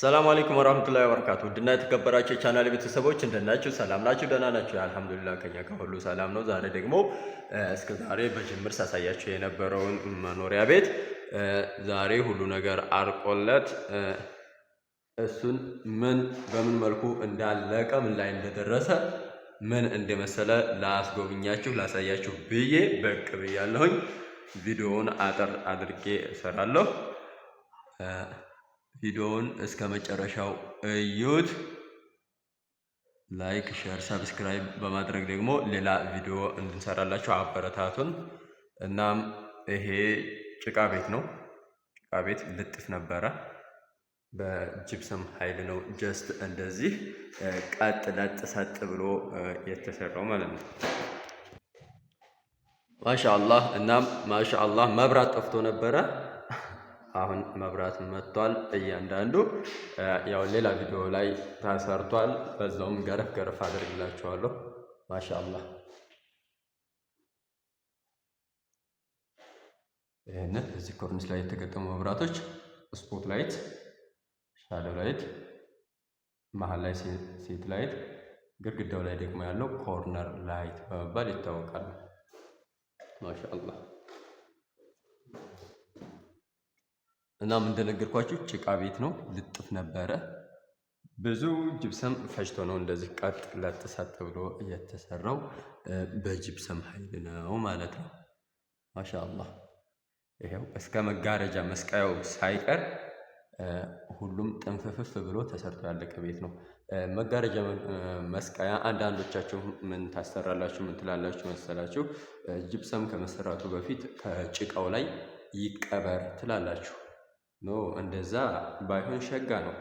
ሰላም አለይኩም ወራህመቱላሂ ወበረካቱ። ውድና የተከበራችሁ የቻናል ቤተሰቦች እንደናችሁ፣ ሰላም ናችሁ? ደህና ናችሁ? አልሐምዱሊላህ ከኛ ከሁሉ ሰላም ነው። ዛሬ ደግሞ እስከ ዛሬ በጅምር ሳሳያችሁ የነበረውን መኖሪያ ቤት ዛሬ ሁሉ ነገር አርቆለት እሱን ምን በምን መልኩ እንዳለቀ ምን ላይ እንደደረሰ ምን እንደመሰለ ላስጎብኛችሁ ላሳያችሁ ብዬ በቅ ብያለሁኝ። ቪዲዮውን አጠር አድርጌ እሰራለሁ። ቪዲዮውን እስከ መጨረሻው እዩት። ላይክ፣ ሼር፣ ሰብስክራይብ በማድረግ ደግሞ ሌላ ቪዲዮ እንድንሰራላችሁ አበረታቱን። እናም ይሄ ጭቃ ቤት ነው። ጭቃ ቤት ልጥፍ ነበረ በጅብሰም ኃይል ነው። ጀስት እንደዚህ ቀጥ ለጥ ሰጥ ብሎ የተሰራው ማለት ነው። ማሻአላህ። እናም ማሻአላህ መብራት ጠፍቶ ነበረ። አሁን መብራት መጥቷል። እያንዳንዱ ያው ሌላ ቪዲዮ ላይ ተሰርቷል። በዛውም ገረፍ ገረፍ አድርግላችኋለሁ። ማሻአላህ ይህን እዚህ ኮርኒስ ላይ የተገጠሙ መብራቶች ስፖት ላይት፣ ሻዶ ላይት፣ መሀል ላይ ሴት ላይት፣ ግድግዳው ላይ ደግሞ ያለው ኮርነር ላይት በመባል ይታወቃል። ማሻአላህ እናም እንደነገርኳችሁ ጭቃ ቤት ነው፣ ልጥፍ ነበረ። ብዙ ጅብሰም ፈጅቶ ነው እንደዚህ ቀጥ ለጥሳት ተብሎ የተሰራው በጅብሰም ኃይል ነው ማለት ነው። ማሻአላህ ይሄው እስከ መጋረጃ መስቀያው ሳይቀር ሁሉም ጥንፍፍፍ ብሎ ተሰርቶ ያለቀ ቤት ነው። መጋረጃ መስቀያ አንዳንዶቻችሁ ምን ታሰራላችሁ? ምን ትላላችሁ መሰላችሁ? ጅብሰም ከመሰራቱ በፊት ከጭቃው ላይ ይቀበር ትላላችሁ። ኖ እንደዛ ባይሆን ሸጋ ነው።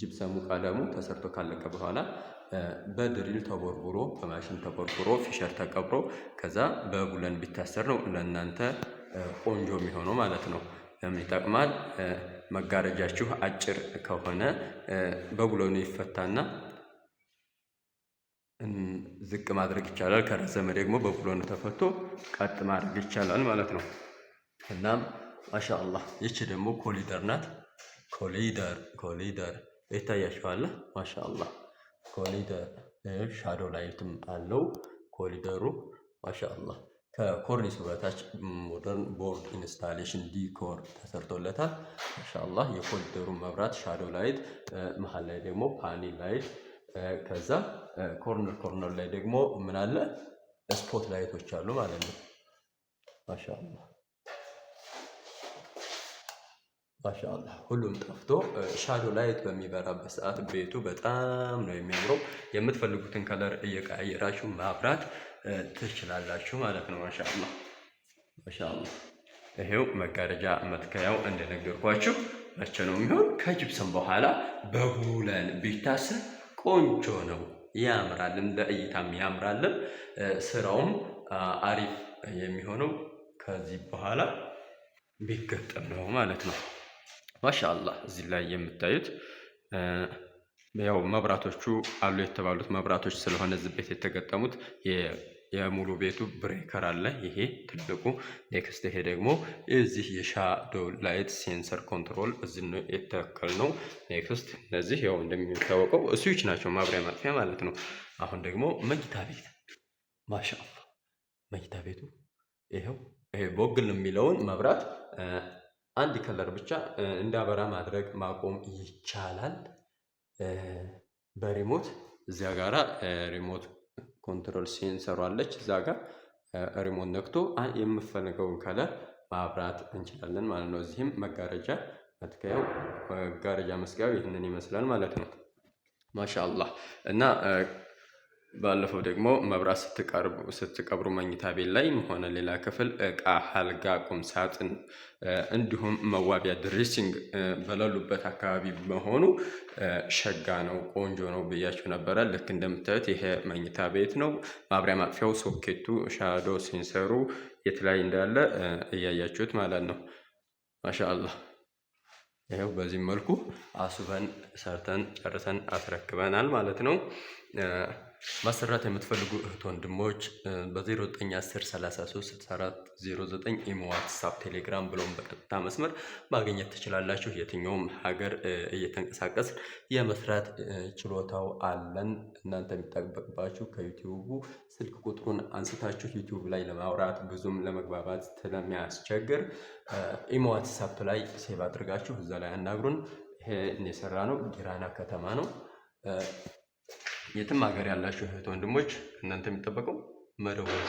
ጅብሰሙ ቀለሙ ተሰርቶ ካለቀ በኋላ በድሪል ተቦርቡሮ በማሽን ተቦርቡሮ ፊሸር ተቀብሮ ከዛ በቡለን ቢታሰር ነው ለእናንተ ቆንጆ የሚሆነው ማለት ነው። ለምን ይጠቅማል? መጋረጃችሁ አጭር ከሆነ በቡለኑ ይፈታና ዝቅ ማድረግ ይቻላል። ከረዘመ ደግሞ በቡለኑ ተፈቶ ቀጥ ማድረግ ይቻላል ማለት ነው እናም ማሻአላህ ይቺ ደግሞ ኮሊደር ናት። ኮሊደር ኮሊደር ይታያችኋል። ማሻአላህ ኮሊደር ሻዶ ላይትም አለው ኮሊደሩ ማሻአላህ። ከኮርኒስ በታች ሞደርን ቦርድ ኢንስታሌሽን ዲኮር ተሰርቶለታል። ማሻአላህ የኮሊደሩ መብራት ሻዶ ላይት፣ መሀል ላይ ደግሞ ፓኔል ላይት፣ ከዛ ኮርነር ኮርነር ላይ ደግሞ ምን አለ ስፖት ላይቶች አሉ ማለት ነው። ማሻአላህ ማሻአላህ ሁሉም ጠፍቶ ሻዶ ላይት በሚበራበት ሰዓት ቤቱ በጣም ነው የሚያምረው። የምትፈልጉትን ከለር እየቀያየራችሁ ማብራት ትችላላችሁ ማለት ነው። ማሻአላህ ማሻአላህ። ይሄው መጋረጃ መትከያው እንደነገርኳችሁ መቼ ነው የሚሆን? ከጅብሰን በኋላ በቡለን ቢታሰር ቆንጆ ነው፣ ያምራልን፣ ለእይታም ያምራልን። ስራውም አሪፍ የሚሆነው ከዚህ በኋላ ቢገጠም ነው ማለት ነው። ማሻአላህ እዚህ ላይ የምታዩት ያው መብራቶቹ አሉ የተባሉት መብራቶች ስለሆነ እዚህ ቤት የተገጠሙት የሙሉ ቤቱ ብሬከር አለ። ይሄ ትልቁ ኔክስት። ይሄ ደግሞ እዚህ የሻዶ ላይት ሴንሰር ኮንትሮል እዚህ ነው የተከል ነው። ኔክስት። እነዚህ ያው እንደሚታወቀው ስዊች ናቸው፣ ማብሪያ ማጥፊያ ማለት ነው። አሁን ደግሞ መኝታ ቤት ማሻአላ መኝታ ቤቱ ይኸው ይሄ ቦግል የሚለውን መብራት አንድ ከለር ብቻ እንዳበራ ማድረግ ማቆም ይቻላል። በሪሞት እዚያ ጋራ ሪሞት ኮንትሮል ሴንሰሩ አለች። እዛ ጋር ሪሞት ነክቶ የምፈልገውን ከለር ማብራት እንችላለን ማለት ነው። እዚህም መጋረጃ መትከያው መጋረጃ መስቀያው ይህንን ይመስላል ማለት ነው። ማሻአላህ እና ባለፈው ደግሞ መብራት ስትቀብሩ መኝታ ቤት ላይም ሆነ ሌላ ክፍል እቃ፣ አልጋ፣ ቁም ሳጥን እንዲሁም መዋቢያ ድሬሲንግ በሌሉበት አካባቢ መሆኑ ሸጋ ነው፣ ቆንጆ ነው ብያችሁ ነበረ። ልክ እንደምታዩት ይሄ መኝታ ቤት ነው። ማብሪያ ማጥፊያው፣ ሶኬቱ፣ ሻዶ ሴንሰሩ የት ላይ እንዳለ እያያችሁት ማለት ነው። ማሻአላህ ይኸው በዚህም መልኩ አስበን ሰርተን ጨርሰን አስረክበናል ማለት ነው። ማሰራት የምትፈልጉ እህት ወንድሞች በ0910336409 ኢሞ፣ ዋትሳፕ፣ ቴሌግራም ብሎም በቀጥታ መስመር ማግኘት ትችላላችሁ። የትኛውም ሀገር እየተንቀሳቀስ የመስራት ችሎታው አለን። እናንተ የሚጠበቅባችሁ ከዩቲዩቡ ስልክ ቁጥሩን አንስታችሁ ዩቲዩብ ላይ ለማውራት ብዙም ለመግባባት ስለሚያስቸግር ኢሞ፣ ዋትሳፕ ላይ ሴቭ አድርጋችሁ እዛ ላይ አናግሩን። ይሄን የሰራ ነው ጊራና ከተማ ነው። የትም ሀገር ያላችሁ እህት ወንድሞች እናንተ የሚጠበቀው መደወል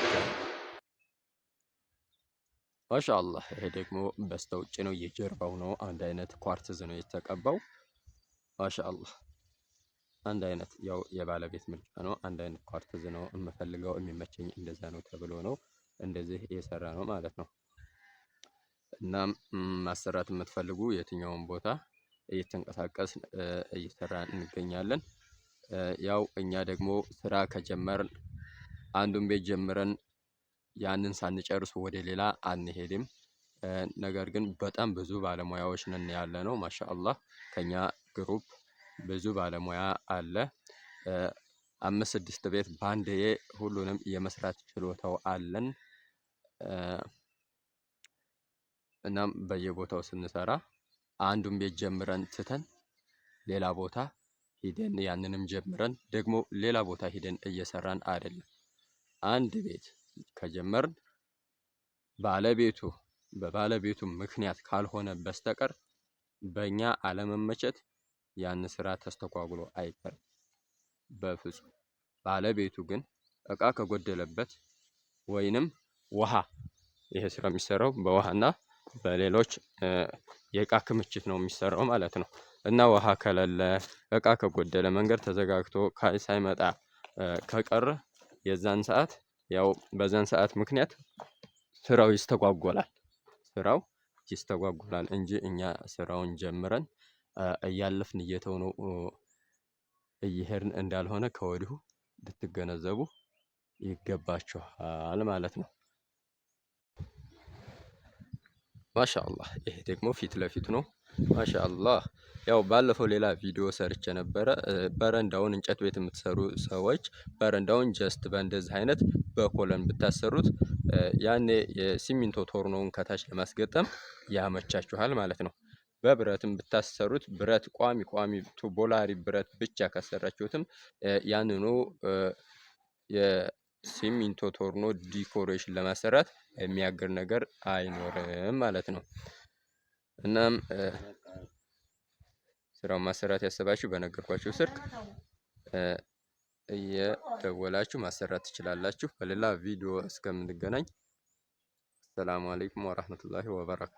ማሻአላህ ይሄ ደግሞ በስተውጭ ነው፣ የጀርባው ነው። አንድ አይነት ኳርትዝ ነው የተቀባው። ማሻአላህ አንድ አይነት ያው የባለቤት ምርጫ ነው። አንድ አይነት ኳርትዝ ነው የምፈልገው የሚመቸኝ እንደዛ ነው ተብሎ ነው እንደዚህ የሰራ ነው ማለት ነው። እናም ማሰራት የምትፈልጉ የትኛውን ቦታ እየተንቀሳቀስ እየሰራ እንገኛለን። ያው እኛ ደግሞ ስራ ከጀመርን አንዱን ቤት ጀምረን ያንን ሳንጨርሱ ወደ ሌላ አንሄድም። ነገር ግን በጣም ብዙ ባለሙያዎች ነን ያለ ነው። ማሻአላህ ከኛ ግሩፕ ብዙ ባለሙያ አለ። አምስት ስድስት ቤት በአንድ ሁሉንም የመስራት ችሎታው አለን። እናም በየቦታው ስንሰራ አንዱን ቤት ጀምረን ትተን ሌላ ቦታ ሂደን ያንንም ጀምረን ደግሞ ሌላ ቦታ ሂደን እየሰራን አይደለም። አንድ ቤት ከጀመርን ባለቤቱ በባለቤቱ ምክንያት ካልሆነ በስተቀር በእኛ አለመመቸት ያን ስራ ተስተጓጉሎ አይቀርም በፍጹም። ባለቤቱ ግን እቃ ከጎደለበት ወይንም ውሃ፣ ይሄ ስራ የሚሰራው በውሃና በሌሎች የእቃ ክምችት ነው የሚሰራው ማለት ነው እና ውሃ ከሌለ እቃ ከጎደለ መንገድ ተዘጋግቶ ሳይመጣ ከቀረ የዛን ሰዓት ያው በዛን ሰዓት ምክንያት ስራው ይስተጓጎላል። ስራው ይስተጓጎላል እንጂ እኛ ስራውን ጀምረን እያለፍን እየተው ነው እየሄድን እንዳልሆነ ከወዲሁ ልትገነዘቡ ይገባችኋል ማለት ነው። ማሻአላህ ይሄ ደግሞ ፊት ለፊት ነው። ማሻአላህ ያው ባለፈው ሌላ ቪዲዮ ሰርቼ ነበረ። በረንዳውን እንጨት ቤት የምትሰሩ ሰዎች በረንዳውን ጀስት በእንደዚህ አይነት በኮለን ብታሰሩት ያኔ የሲሚንቶ ቶርኖውን ከታች ለማስገጠም ያመቻችኋል ማለት ነው። በብረትም ብታሰሩት ብረት ቋሚ ቋሚ ቱቦላሪ ብረት ብቻ ካሰራችሁትም ያንኑ የሲሚንቶ ቶርኖ ዲኮሬሽን ለማሰራት የሚያግር ነገር አይኖርም ማለት ነው። እናም ስራውን ማሰራት ያሰባችሁ በነገርኳችሁ ስልክ እየደወላችሁ ማሰራት ትችላላችሁ። በሌላ ቪዲዮ እስከምንገናኝ አሰላሙ አለይኩም ወራህመቱላሂ ወበረካቱ።